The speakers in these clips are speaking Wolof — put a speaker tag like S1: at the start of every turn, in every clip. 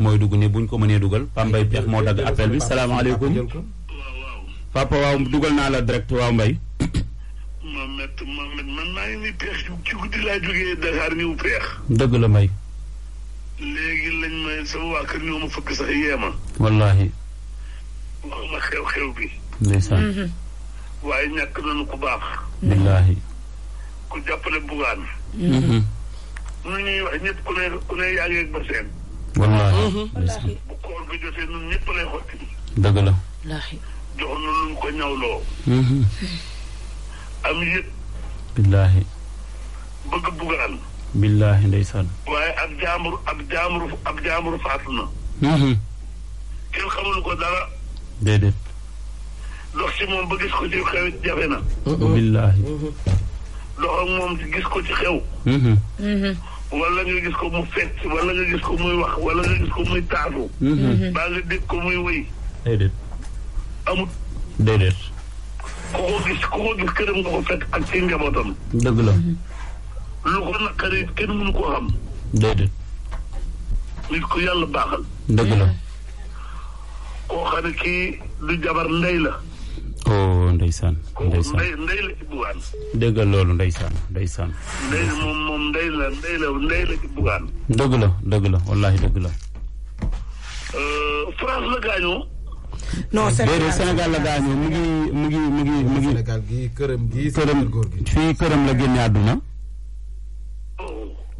S1: mooy dugg nii buñ ko mënee dugal Pape Mbaye Peex moo dagg appel bi salaamaaleykum papa waaw dugal naa la direct waaw Mbaye
S2: Mohamed Mohamed man maa ngi ni peex ci guddi laa jógee Dakar ñëw peex dëgg la Mbaye léegi lañ may sama waa kër ñoo ma fëgg sax yeema wallaahi wax ma xew-xew bi
S1: ndeysaan mhm.
S2: waaye ñàkk nañu ku baax wallaahi ku jàppale bugaan mhm. mhm. nu ñuy wax ñëpp ku ne ku ne yaa ngeeg ba seen
S1: wallaahi mhm.
S2: wallaahi. koor bi jotee ñun ñëpp lay xotti.
S1: dëgg
S3: jox
S2: na luñ ko ñawloo. Mhm. am yëpp. billaahi. bëgg bugaan.
S1: billaahi ndeysaan.
S2: waaye ab jaambur ab jaambur ab mhm. kenn xamul ko dara. déedéet. dox ci moom ba gis ko ci xew jafe na. billaahi. dox ak moom gis ko ci xew. wala nga gis ko mu fecc wala nga gis ko muy wax wala nga gis ko muy taatu. Mm-hmm. baa nga dégg ko muy wéy.
S1: déedéet. amut. déedéet.
S2: ku ko gis ku ko gis këram nga ko fekk ak ci njabootam. dëgg la. lu ko naqaree kenn ko xam. déedéet. nit ku yàlla la. koo xam ne kii du jabar ndey la.
S1: oh ndeysaan ndeysaan
S2: ndey la ci bugaan
S1: dëggal loolu ndeysaan ndeysaan
S2: ndey moom moom ndey la ndey la ndey la ci bugaan
S1: dëgg la dëgg la wallaahi dëgg la
S2: euh, France la gaañoo
S3: non Sénégal la gaañoo mu ngi
S4: mu ngi mu ngi mu ngi Sénégal gi këram gi këram góor gi fii këram la génne àdduna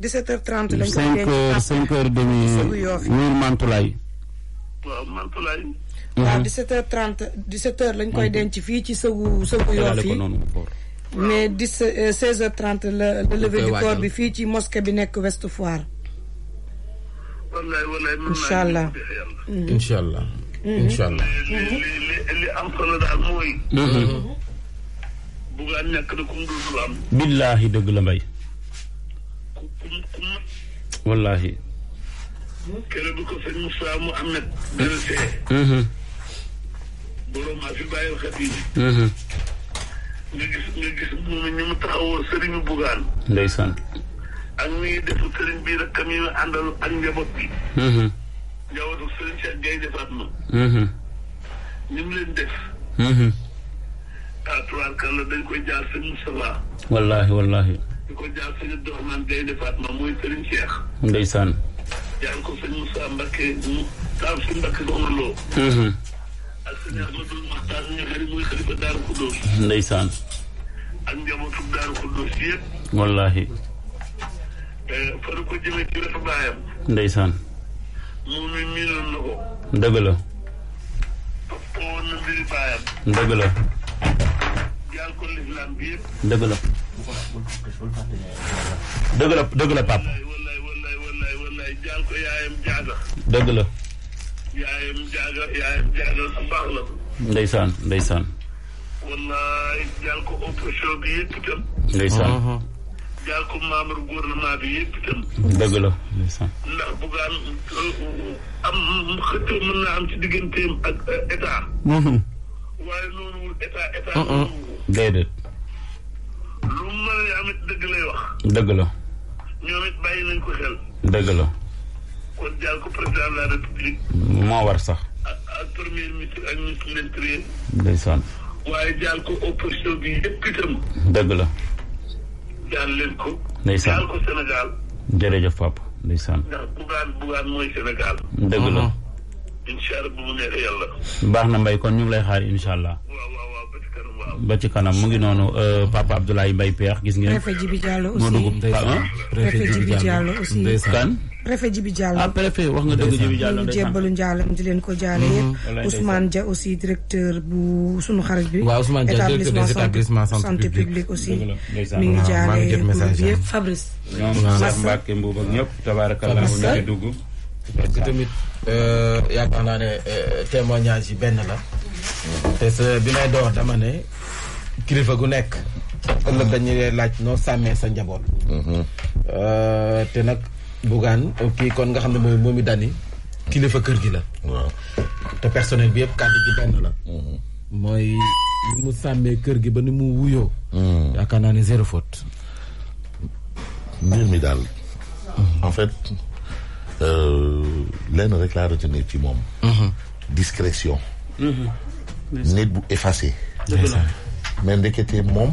S3: 17h30 lañ ko génne 5 heures 5
S1: heures demi Mantulaay
S3: waaw Mantulaay à 17h30 17h lañ koy mhm. denc fii ci sëwu sëwu yoo fii mais 17 16h30 euh, la la levée corps bi fii ci mosquée bi nekk West Foire.
S2: incha allah
S3: mhm. incha allah. Mhm. incha allah.
S2: am solo daal
S1: billaahi dëgg la mbay. ku ku ku wallaahi. keroog bi ko sëñ Moussa Mouhamed.
S2: borom a fi bàyyil xatiib mhm. nga gis nga gis ñu mu taxawoo sëriñu bugaan ndeysaan ak ni def sëriñ bii rek kam yi ak njaboot bi mhm. njabootu sëriñ Cheikh Gaye defaat ma ñu mhm. mu leen def ah dañ koy jaar sëriñ
S1: Moustapha wallaahi wallaahi dañ ko jaar sëriñ Abdourahmane Gaye defaat ma mooy sëriñ Cheikh ndeysaan jaar ko sëriñ Moussa Mbacke mu taal si Mbacke Soxna Lo ndeysaan. ak njabootu Daaru
S2: Xuddoos baayam. ndeysaan. moom mi miinoon
S1: na ko. dëgg la. baayam. dëgg la. jaal ko lislaam bi yëpp. dëgg la. dëgg la pap wallaay wallaay wallaay wallaay
S2: jaal ko yaayam jaada. dëgg la. yaayam jaaga yaayam jaaga ku baax la.
S1: ndeysaan ndeysaan. wallaay jaal ko opposition bi yëpp itam. ndeysaan.
S2: jaal ko membre gouvernement
S1: bi la ndeysaan. ndax euh, am xëccoo mën naa am ci digganteem ak euh, état. Mhm.
S2: waaye noonu état état. Uh-uh. déedéet. lu mu mën a am it dëgg lay wax. dëgg la. ñoom it bàyyi nañ ko
S1: xel.
S2: kon jaal moo war sax. ak ak premier ministre ak ministre de l'intérieur. ndeysaan. waaye jaal ko opposition bi yëpp itam. dëgg la. jaal leen ko. ndeysaan jaal ko Sénégal.
S1: jërëjëf papa ndeysaan.
S2: ndax bugaan bugaan mooy Sénégal.
S1: dëgg la.
S3: Mm-hmm. incha allah bu mu neexee yàlla.
S1: baax na mbay kon ñu ngi lay xaar incha allah. waaw waaw waaw ba ci kanam waaw. ba ci kanam mu ngi noonu euh, papa Abdoulaye Mbaye Peex gis ngeen. préfet
S3: Jibi Diallo aussi moo dugg préfet Jibi Diallo aussi préfet Djibi Diallo ah, wax nga dëgg Djibi Diallo ñu jébbalu leen ko jaale yëpp mm-hmm. Ousmane Dia aussi directeur bu sunu xarit bi waa Ousmane Dia directeur des établissements santé publique aussi mi ngi jaale groupe bi yëpp
S4: Fabrice ñoom Cheikh
S1: bu nekk dugg
S4: euh, euh, benn la te sa bi may door dama ne kilifa gu nekk ëllëg dañuy laaj noo sàmmee sa njaboot mm-hmm. euh, te nag Bougane kii kon nga xam ne mooy Momy Dany kilifa kër gi la. waaw te personnel bi yëpp kàddu gi benn la. Mhm. mooy ni mu sàmmee kër gi ba ni mu wuyoo.
S5: Mhm. yaakaar naa ne zéro faute. mbir mi daal. en fait euh, lenn rek laa retenir ci moom. Mhm. discrétion. nit bu effacé. mais ndekete moom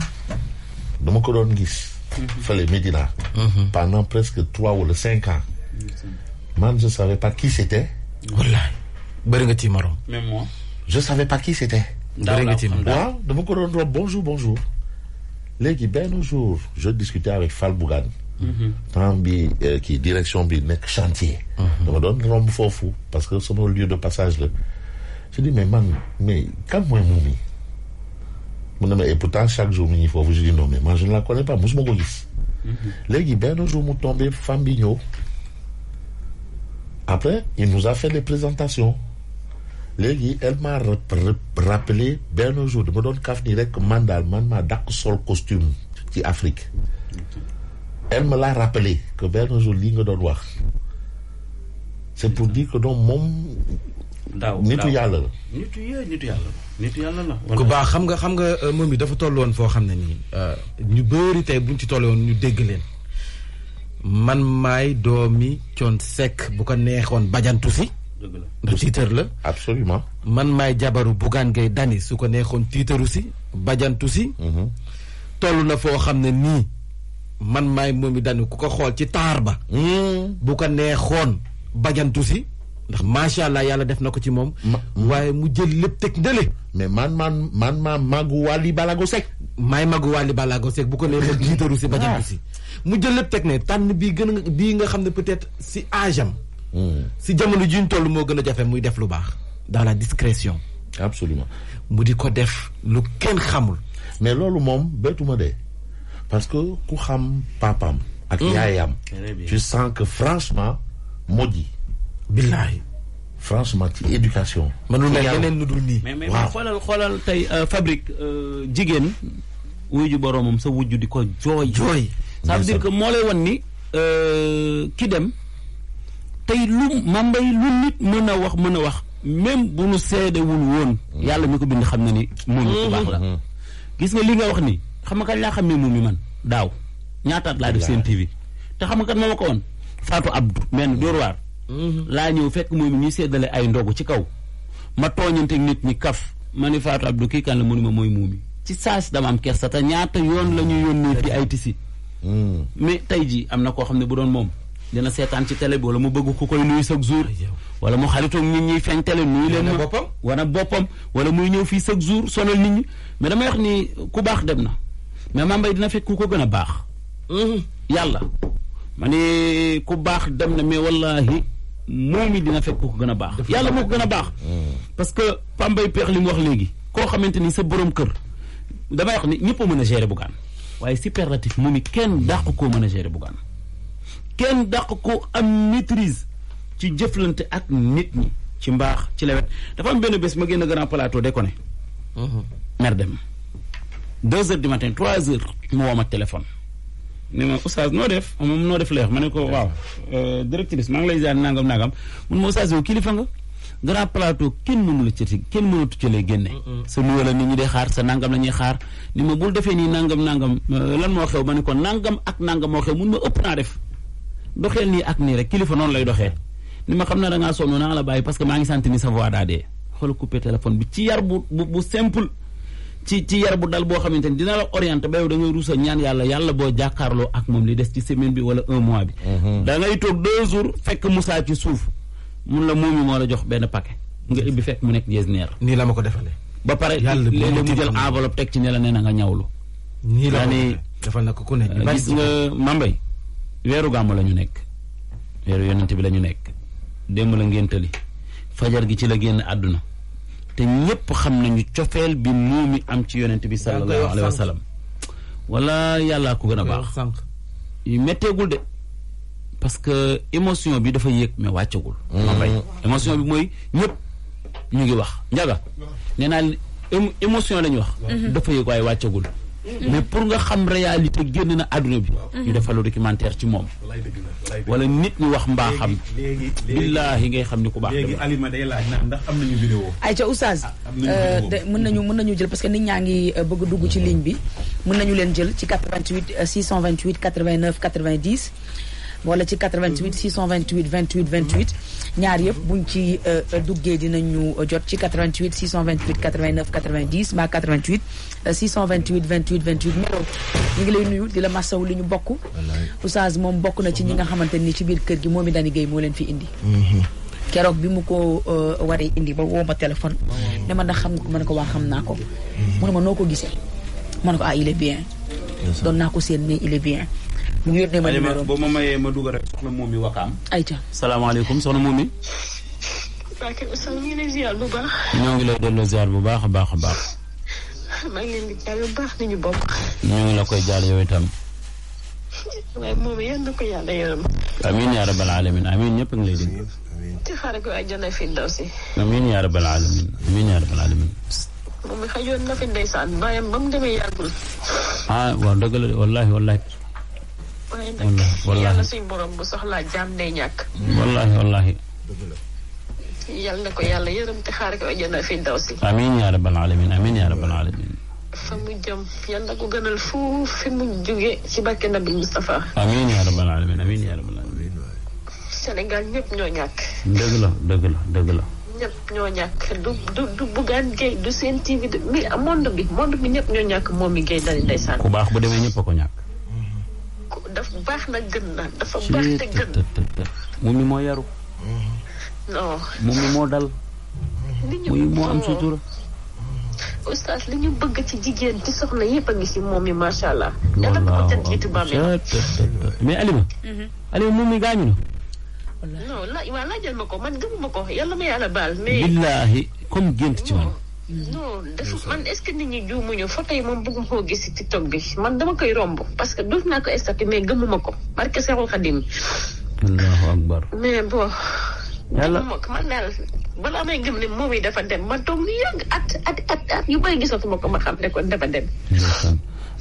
S5: dama ko doon gis. fële Médina. Mhm. pendant presque trois wala cinq ans. man je savais pas qui c'était. wallaay bëri nga ci morom. même moi. je savais pas qui c'était. bëri nga ci morom waaw dama ko doon doon bonjour bonjour. léegi benn jour je discutais avec Fall Bougane.
S2: Mhm.
S5: bi euh, kii direction bi nekk chantier. Mhm. dama doon romb foofu parce que sama lieu de passage la. je dis mais man mais kan mu ne mm-hmm. ma et pourtant chaque jour mi ngi foofu je dis non mais je ne la connais pas mosuma ko gis. léegi benn jour mu tombé femme bi ñëw. après il nous a fait les présentations léegi elle m'a rappelé benn jour dama doon kaf nii rek man daal man maa dàq sol costume ci Afrique. elle me l'a rappelé que benn jour lii nga doon wax. c'est pour dire que donc moom. daaw nitu yàlla
S1: la. ku baax
S4: xam nga xam nga euh, moom yi dafa tolloon foo xam ne nii euh, ñu bëri tey buñ ci tolloon ñu dégg leen man maay doomi coon sekk bu ko neexoon bajantu si. dëgg la ndax tiitër la. man maay jabaru bugaan ngay dani su ko neexoon tiitaru si bajantu si. Mm-hmm. toll na foo xam ne nii man maay moom dani ku ko xool ci taar ba. Mm. bu ko neexoon bajantu si. ndax macha allah yàlla def na ko ci moom. waaye mu jël lépp teg ndële. mais man man man maa màggu wàlli balago sek. maay màggu wàlli balago sek bu ko nee ma jiitaru si bajan bi si. Ah. mu jël lépp teg ne tànn bii gën a bii nga xam ne peut-être si âge am. Hmm. si jamono ji ñu toll moo gën a jafe muy def lu baax. dans la discrétion. absolument mu di ko def lu
S5: kenn xamul. mais loolu moom bettuma de parce que ku xam papaam. ak hmm. yaayam. tu sens que franchement moo ji. billahi franchement ci éducation. mënul mel leneen
S1: lu dul nii. mais mais xoolal xoolal tey euh, fabrique euh, jigéen. wujju boromam sa wujju di ko jooy. jooy ça veut que moo lay wan ni euh, ki dem tey lu mambay lu nit mën a wax mën a wax même bu nu seedewul woon. yàlla mi ko bind xam na ni moom ku baax la. Mhm. gis nga li nga wax ni xam nga kañ laa xam ne moom mi man daaw ñaataat laa def seen TV te xam nga kat ma ko woon Fatou Abdou. mel ni laa ñëw fekk moom ñuy séddale ay ndogu ci kaw ma tooñanteeg nit ñi kaf ma ni Fatou Abdou kii kan la mënuma mooy muumi ci saas dama am sa te ñaata yoon la ñu nii fii ay tisi mm. mais tey jii am na koo xam ne bu doon moom dina seetaan ci télé bi wala mu bëgg ku koy nuyu chaque jour wala mu xaritoog nit ñi feeñ télé nuyu leen ma wala boppam wala muy ñëw fii chaque jour sonal nit ñi mais damay wax ni ku baax dem na mais ma mbay dina fekk ku ko gën a baax mm-hmm. yàlla ku baax dem na mais wallahi moom mi dina fekk ko gën a baax yàlla moo ko gën a baax hmm. parce que pambay peex li mu wax léegi koo xamante ni sa boroom kër damay wax ni ñëpp a mën a gérer Bougane waaye superlatif moom i kenn dàq koo mën a gérer Bougane kenn dàq ko am maîtrise ci jëflante ak nit ñi ci mbaax ci lewet dafa am benn bés ma génn grand plateau déconné hmm. mer dem deux heures du matin trois heures mu woo ma téléphone ni ma oustaz noo def moom noo def leex ma ne ko waaw euh, directrice maa ngi lay ziar nangam nangam mun ma oustaz kilifa nga grand plateau kenn mënu la ci kenn mënatu ci lay génne sa luwa la nit ñi dee xaar sa nangam la ñuy xaar ni ma bul defee nii nangam nangam euh, lan moo xew ma ne ko nangam ak nangam moo xew mun ma ëpp naa def doxeel nii ak nii rek kilifa noonu lay doxee ni ma xam na da ngaa sonn naa la bàyyi parce que maa ngi sant ni sa voix daa dee bi ci yar bu bu simple ci ci yar bu dal boo xamante ni dina la orienté ba yow da ruus a ñaan yàlla yàlla boo jàkkaarloo ak moom li des ci semaine bi wala un mois bi. Mhm. da ngay toog deux jours fekk Moussa ci suuf mun la moom yi moo la jox benn paquet nga ibbi fekk mu nekk Getzner. nii la ma ko defalee. ba pare léeg-léeg mu jël enveloppe teg ci ne la nee na nga ñawlu. nii la defal na ko ku ne gis nga Mambay weeru gàmm la ñu nekk. weeru yonent bi la ñu nekk. démb la ngéntali fajar gi ci la génn àdduna. te ñëpp xam nañu cofeel bi moomi am ci yonent bi sallallahu alayhi wa sallam wala yàllaa ko gën a baax metteegul de parce que émotion bi dafa yéeg mais wàccagul mm. ma bay émotion bi mooy ñëpp ñu ngi wax njaga nee naa émotion la ñu wax mm-hmm. dafa yéeg waaye wàccagul mais pour nga xam réalité génn na àdduna bi ñu defalu documentaire ci moom wala nit ñu wax mbaaxam billaahi ngay xam ni ku baax
S3: léegi
S4: Alima day laaj ndax am nañu vidéo
S3: ay ca oustaz ah, euh, mën nañu mën nañu jël parce que nit ñaa ngi euh, bëgg dugg ci ligne bi mën nañu leen jël ci 88 628 89 90 wala ci 88 628 28 28 ñaar yëpp buñ ci euh, euh, duggee dinañu euh, jot ci 88 628 89 90 mbaa 88 628 28 28 melo ñu ngi lay nuyu di la masaw li ñu bokk oustaz moom bokk na ci ñi nga xamante ni ci biir kër gi moom i dani géey moo leen fi indi mm-hmm. keroog bi mu ko waree indi ba woo ma téléphone ne ma xam nga ko ma ne ko waa xam naa ko mm-hmm. mu ne ma noo ko gisee ma ne ko ah il est bien doon naa ko seen mais il est bien mu yónnee ma numéro
S1: boo ma mayee ma dugg rek soxna moom mi wakaam. ayca salaamaaleykum soxna moom mi.
S6: waa kay Oustaz ñu ngi lay ziar bu baax.
S1: ñoo ngi lay delloo ziar bu baax a baax a baax.
S6: maa ngi leen di jaal bu baax di ñu bokk.
S1: ñoo ngi la koy jaal yow itam.
S6: waaye moom yéen na ko yàlla yërëm.
S1: amiin yaa rabbal alamin amiin ñëpp a ngi lay dégg.
S6: ci xaaral ko àjjana fi daw si.
S1: amiin yaa rabbal alamin amiin yaa rabbal alamin.
S6: moom mi xajoon na fi ndeysaan bàyyam ba mu demee yàggul.
S1: ah waaw dëgg la wallaahi wallaahi.
S6: wallaahi wallaahi yàlla suñu borom bu soxlaa jaam day ñàkk. wallaahi wallaahi. yal na ko yàlla yërëm te xaar ko àjjana fi daw si.
S1: amiin yaa rabbal alamin
S6: fa mu jëm yal ko gënal fuuf fi mu jóge ci barke nabi Mustafa.
S1: amiin yaa yaa rabbal alamin.
S6: Sénégal ñëpp ñoo ñàkk.
S1: dëgg la dëgg la dëgg
S6: ñoo ñàkk du du du Bougane du Sen TV du mi monde bi monde bi ñëpp ñoo ñàkk moom mi Gueye dali ndeysaan. ku
S1: baax bu demee ñëpp ko ñàkk.
S6: baax na gën na dafa baax te gën
S1: moom mi moo yaru non moom mi moo dal
S6: moom moo am sutura oustaz li ñu bëgg ci jigéen ci soxna yëpp a ngi si moom mi macha allah. yàlla ko ca jiitu ba mais Alima. Mhm.
S1: Alima moom mi gaañu na.
S6: non la waaw ma ko man gëmuma ko yàlla ma yàlla baal mais. billaahi
S1: comme gént ci man.
S6: Mm-hmm. non man est ñi que nit ñi juumuñu photo yi moom bëgguma koo gis ci TikTok bi man dama koy romb parce que dootu naa ko statut mais gëmuma ko barke Seexul Xadim
S1: allahu akbar
S6: mais bon yàlla man daal balaa may gëm moom yi dafa dem man toog yëg at at at at yu may ko ma xam ne ko dafa dem.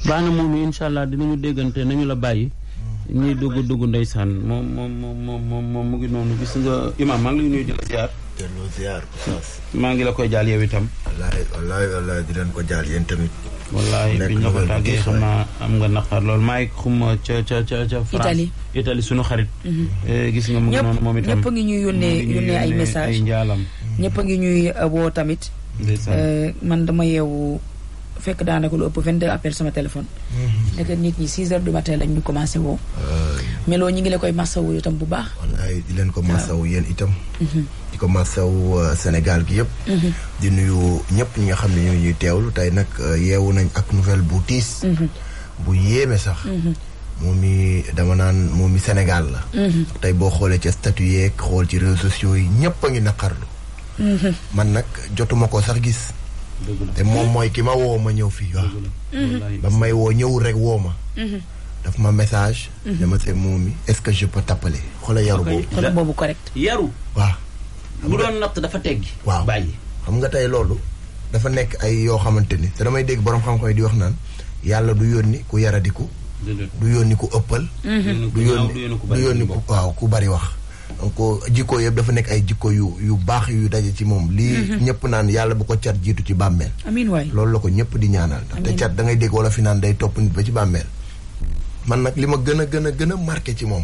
S1: baa na moom yi incha allah dinañu déggante nañu la bàyyi. Mm-hmm. ñuy dugg dugg ndeysaan moom moom moom moom mu ngi noonu
S7: gis nga imaam maa ngi lay nuyu di delloo ziar ko
S1: maa ngi la koy jaal yow itam.
S7: wallaay wallaay wallaay di leen ko jaal yéen tamit.
S1: wallaay bi ñu la ko tàggee xam naa am nga naqar lool Mike xuma ca ca ca ca France Italie Italie sunu xarit. Mhm. Eh, gis nga mu ngi noonu moom itam ñëpp ngi ñuy yónnee yónnee ay
S3: a ngi ñuy woo tamit.
S1: Eh,
S3: man dama yeewu. fekk daanaka lu ëpp 22 appel sama téléphone. Mhm. nekk nit ñi 6 heures du matin lañ ñu commencé woo. meloo ñi ngi la koy masawu itam bu baax.
S7: di leen ko masawu yéen itam. Mhm. di ko masawu euh, Sénégal gi yëpp. Mhm. di nuyu ñëpp ñi nga xam ne ñoo tey nag euh, yeewu nañ ak nouvelle bu tiis. bu yéeme sax. moom mi dama naan moom mi Sénégal la. tey boo xoolee ca statut yeeg xool ci réseaux sociaux yi ñëpp a ngi naqarlu. man nag jotuma ko sax gis. te moom mooy ki ma woo ma ñëw fii waaw. ba may woo ñëw rek woo ma. Mhm. daf ma message. Mhm. dama see moom est-ce que je peux t'appeler. xoolal yaru boobu kon boobu correct. yaru. waaw. bu doon natt dafa teggi. waaw xam nga tey loolu. dafa nekk ay yoo xamante ni te damay dégg borom xam-xam di wax naan yàlla du yónni ku yaradiku. du yónni ku ëppal. Mhm. du yónni ku waaw ku bari wax. donc jikko yëpp dafa nekk ay jikko yu yu baax yu daje ci moom lii mhm. ñëpp naan yàlla bu ko cat jiitu ci bàmmeel amiin waay loolu la ko ñëpp di ñaanal ndaxte cat da ngay dégg wala fi naan day topp nit ba ci bàmmeel man nag li ma gën a gën a gën a marqué ci moom